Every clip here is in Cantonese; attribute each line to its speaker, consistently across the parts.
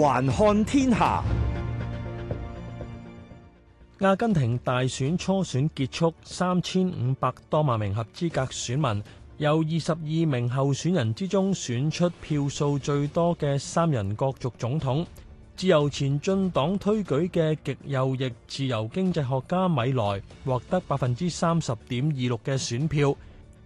Speaker 1: 環看天下，阿根廷大選初選結束，三千五百多萬名合資格選民由二十二名候選人之中選出票數最多嘅三人角逐總統。自由前進黨推舉嘅極右翼自由經濟學家米萊獲得百分之三十點二六嘅選票。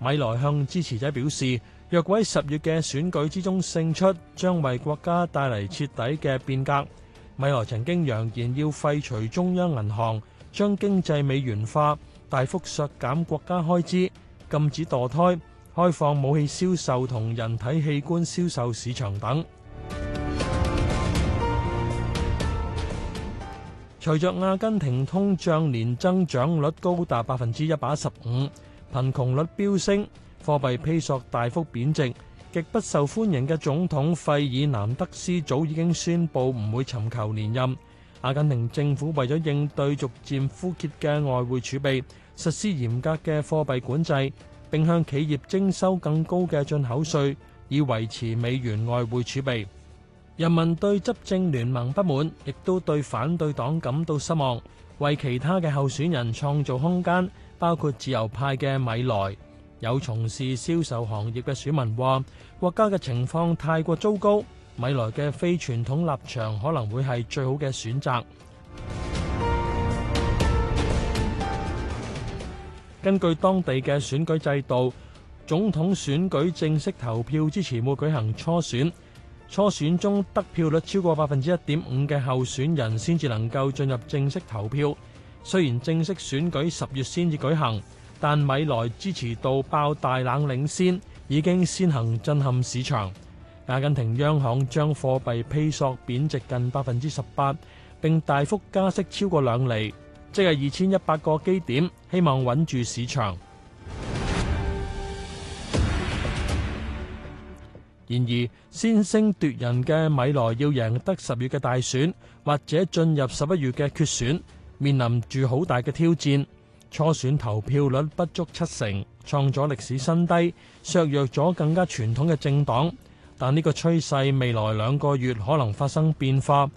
Speaker 1: 米萊向支持者表示，若果喺十月嘅選舉之中勝出，將為國家帶嚟徹底嘅變革。米萊曾經揚言要廢除中央銀行，將經濟美元化，大幅削減國家開支，禁止墮胎，開放武器銷售同人體器官銷售市場等。隨 着阿根廷通脹年增長率高達百分之一百一十五，貧窮率飆升，貨幣披索大幅貶值，極不受歡迎嘅總統費爾南德斯早已經宣布唔會尋求連任。阿根廷政府為咗應對逐漸枯竭嘅外匯儲備，實施嚴格嘅貨幣管制，並向企業徵收更高嘅進口稅，以維持美元外匯儲備。人民對執政聯盟不滿，亦都對反對黨感到失望，為其他嘅候選人創造空間。包括自由派嘅米萊，有從事銷售行業嘅選民話，國家嘅情況太過糟糕，米萊嘅非傳統立場可能會係最好嘅選擇。根據當地嘅選舉制度，總統選舉正式投票之前會舉行初選，初選中得票率超過百分之一點五嘅候選人先至能夠進入正式投票。雖然正式選舉十月先至舉行，但米萊支持度爆大冷領先，已經先行震撼市場。阿根廷央行將貨幣披索貶值近百分之十八，並大幅加息超過兩厘，即係二千一百個基點，希望穩住市場。然而，先聲奪人嘅米萊要贏得十月嘅大選，或者進入十一月嘅決選。面臨住好大嘅挑戰，初選投票率不足七成，創咗歷史新低，削弱咗更加傳統嘅政黨。但呢個趨勢未來兩個月可能發生變化。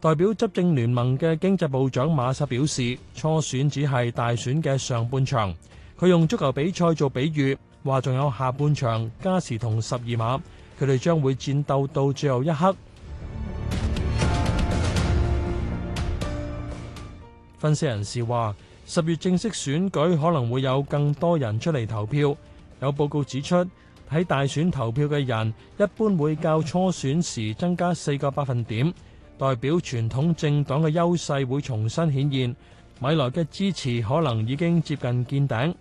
Speaker 1: 代表執政聯盟嘅經濟部長馬薩表示，初選只係大選嘅上半場，佢用足球比賽做比喻，話仲有下半場加時同十二碼，佢哋將會戰鬥到最後一刻。分析人士話：十月正式選舉可能會有更多人出嚟投票。有報告指出，喺大選投票嘅人一般會較初選時增加四個百分點，代表傳統政黨嘅優勢會重新顯現。米萊嘅支持可能已經接近見頂。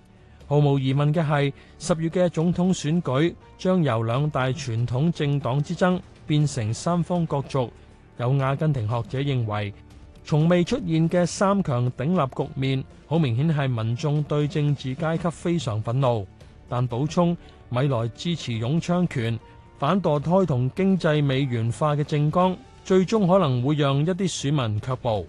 Speaker 1: 毫無疑問嘅係，十月嘅總統選舉將由兩大傳統政黨之爭變成三方角逐。有阿根廷學者認為。從未出現嘅三強鼎立局面，好明顯係民眾對政治階級非常憤怒。但補充，米萊支持擁槍權、反墮胎同經濟美元化嘅政綱，最終可能會讓一啲選民卻步。